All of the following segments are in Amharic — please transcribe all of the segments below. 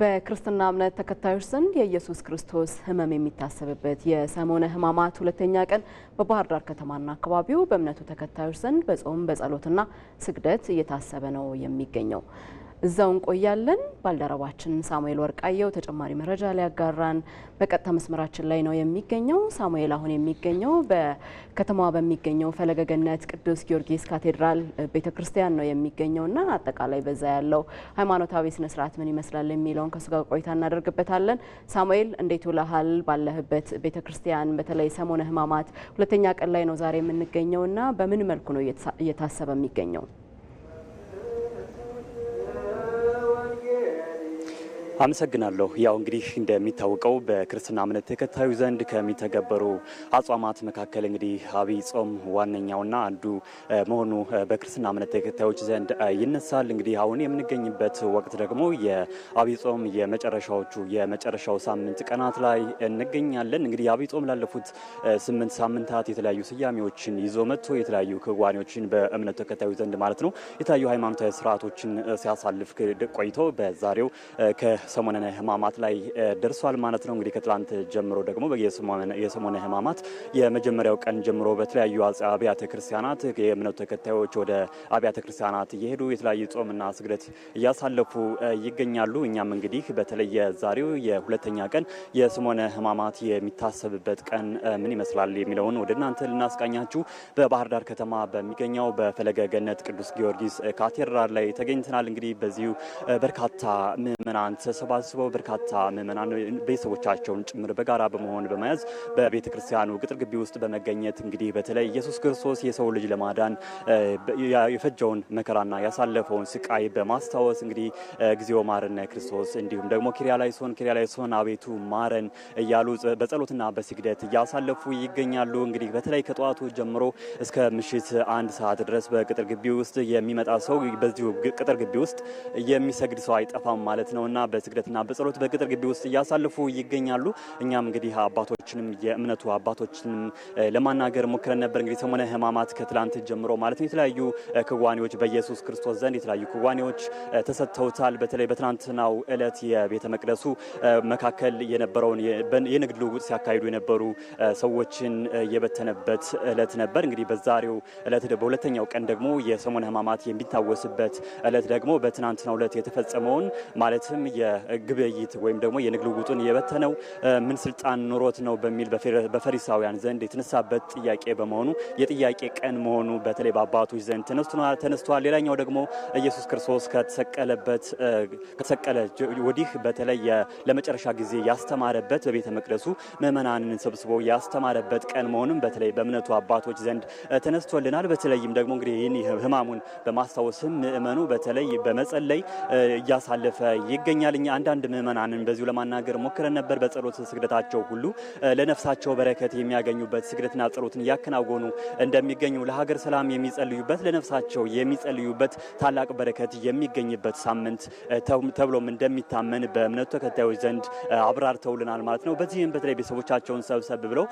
በክርስትና እምነት ተከታዮች ዘንድ የኢየሱስ ክርስቶስ ሕመም የሚታሰብበት የሰሞነ ሕማማት ሁለተኛ ቀን በባህር ዳር ከተማና አካባቢው በእምነቱ ተከታዮች ዘንድ በጾም በጸሎትና ስግደት እየታሰበ ነው የሚገኘው። እዛው እንቆያለን። ባልደረባችን ሳሙኤል ወርቃየው ተጨማሪ መረጃ ሊያጋራን በቀጥታ መስመራችን ላይ ነው የሚገኘው። ሳሙኤል አሁን የሚገኘው በከተማዋ በሚገኘው ፈለገገነት ቅዱስ ጊዮርጊስ ካቴድራል ቤተክርስቲያን ነው የሚገኘው እና አጠቃላይ በዛ ያለው ሃይማኖታዊ ስነ ስርዓት ምን ይመስላል የሚለውን ከሱ ጋር ቆይታ እናደርግበታለን። ሳሙኤል እንዴት ውለሃል? ባለህበት ቤተክርስቲያን በተለይ ሰሞነ ህማማት ሁለተኛ ቀን ላይ ነው ዛሬ የምንገኘው እና በምን መልኩ ነው እየታሰበ የሚገኘው? አመሰግናለሁ። ያው እንግዲህ እንደሚታወቀው በክርስትና እምነት ተከታዩ ዘንድ ከሚተገበሩ አጽዋማት መካከል እንግዲህ አብይ ጾም ዋነኛውና አንዱ መሆኑ በክርስትና እምነት ተከታዮች ዘንድ ይነሳል። እንግዲህ አሁን የምንገኝበት ወቅት ደግሞ የአብይ ጾም የመጨረሻዎቹ የመጨረሻው ሳምንት ቀናት ላይ እንገኛለን። እንግዲህ አብይ ጾም ላለፉት ስምንት ሳምንታት የተለያዩ ስያሜዎችን ይዞ መጥቶ የተለያዩ ክዋኔዎችን በእምነት ተከታዩ ዘንድ ማለት ነው የተለያዩ ሃይማኖታዊ ስርዓቶችን ሲያሳልፍ ቆይቶ በዛሬው ሰሞነ ሕማማት ላይ ደርሷል ማለት ነው። እንግዲህ ከትላንት ጀምሮ ደግሞ የሰሞነ ሕማማት የመጀመሪያው ቀን ጀምሮ በተለያዩ አብያተ ክርስቲያናት የእምነቱ ተከታዮች ወደ አብያተ ክርስቲያናት እየሄዱ የተለያዩ ጾምና ስግደት እያሳለፉ ይገኛሉ። እኛም እንግዲህ በተለየ ዛሬው የሁለተኛ ቀን የሰሞነ ሕማማት የሚታሰብበት ቀን ምን ይመስላል የሚለውን ወደ እናንተ ልናስቃኛችሁ በባህር ዳር ከተማ በሚገኘው በፈለገ ገነት ቅዱስ ጊዮርጊስ ካቴድራል ላይ ተገኝተናል። እንግዲህ በዚሁ በርካታ ምእመናን ተሰባስበው በርካታ ምዕመናን ቤተሰቦቻቸውን ጭምር በጋራ በመሆን በመያዝ በቤተ ክርስቲያኑ ቅጥር ግቢ ውስጥ በመገኘት እንግዲህ በተለይ ኢየሱስ ክርስቶስ የሰው ልጅ ለማዳን የፈጀውን መከራና ያሳለፈውን ስቃይ በማስታወስ እንግዲህ ጊዜው ማረነ ክርስቶስ እንዲሁም ደግሞ ኪሪያላይሶን ኪሪያላይሶን አቤቱ ማረን እያሉ በጸሎትና በስግደት እያሳለፉ ይገኛሉ። እንግዲህ በተለይ ከጠዋቱ ጀምሮ እስከ ምሽት አንድ ሰዓት ድረስ በቅጥር ግቢ ውስጥ የሚመጣ ሰው በዚሁ ቅጥር ግቢ ውስጥ የሚሰግድ ሰው አይጠፋም ማለት ነውና ስግደትና በጸሎት በቅጥር ግቢ ውስጥ እያሳለፉ ይገኛሉ። እኛም እንግዲህ አባቶችንም የእምነቱ አባቶችንም ለማናገር ሞክረን ነበር። እንግዲህ ሰሞነ ሕማማት ከትላንት ጀምሮ ማለት ነው የተለያዩ ክዋኔዎች በኢየሱስ ክርስቶስ ዘንድ የተለያዩ ክዋኔዎች ተሰጥተውታል። በተለይ በትናንትናው ዕለት የቤተ መቅደሱ መካከል የነበረውን የንግድ ልውውጥ ሲያካሂዱ የነበሩ ሰዎችን የበተነበት ዕለት ነበር። እንግዲህ በዛሬው ዕለት በሁለተኛው ቀን ደግሞ የሰሞነ ሕማማት የሚታወስበት ዕለት ደግሞ በትናንትናው ዕለት የተፈጸመውን ማለትም የግብይት ወይም ደግሞ የንግድ ልውውጡን የበተነው ምን ስልጣን ኑሮት ነው በሚል በፈሪሳውያን ዘንድ የተነሳበት ጥያቄ በመሆኑ የጥያቄ ቀን መሆኑ በተለይ በአባቶች ዘንድ ተነስቷል። ሌላኛው ደግሞ ኢየሱስ ክርስቶስ ከተሰቀለበት ከተሰቀለ ወዲህ በተለይ ለመጨረሻ ጊዜ ያስተማረበት በቤተ መቅደሱ ምእመናንን ሰብስቦ ያስተማረበት ቀን መሆኑም በተለይ በእምነቱ አባቶች ዘንድ ተነስቶልናል። በተለይም ደግሞ እንግዲህ ይህን ህማሙን በማስታወስም ምእመኑ በተለይ በመጸለይ እያሳለፈ ይገኛል። እኛ አንዳንድ ምዕመናንን በዚሁ ለማናገር ሞክረን ነበር። በጸሎት ስግደታቸው ሁሉ ለነፍሳቸው በረከት የሚያገኙበት ስግደትና ጸሎትን እያከናወኑ እንደሚገኙ ለሀገር ሰላም የሚጸልዩበት ለነፍሳቸው የሚጸልዩበት ታላቅ በረከት የሚገኝበት ሳምንት ተብሎም እንደሚታመን በእምነቱ ተከታዮች ዘንድ አብራርተውልናል ማለት ነው። በዚህም በተለይ ቤተሰቦቻቸውን ሰብሰብ ብለው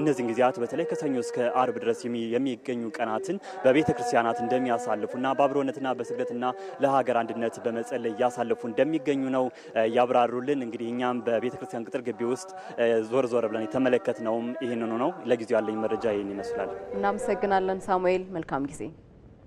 እነዚህን ጊዜያት በተለይ ከሰኞ እስከ አርብ ድረስ የሚገኙ ቀናትን በቤተ ክርስቲያናት እንደሚያሳልፉና በአብሮነትና በስግደትና ለሀገር አንድነት በመጸለይ እያሳልፉ እንደሚገኙ ነው ያብራሩልን። እንግዲህ እኛም በቤተ ክርስቲያን ቅጥር ግቢ ውስጥ ዞር ዞር ብለን የተመለከትነውም ይህንኑ ነው። ለጊዜው ያለኝ መረጃ ይህን ይመስላል። እናመሰግናለን ሳሙኤል፣ መልካም ጊዜ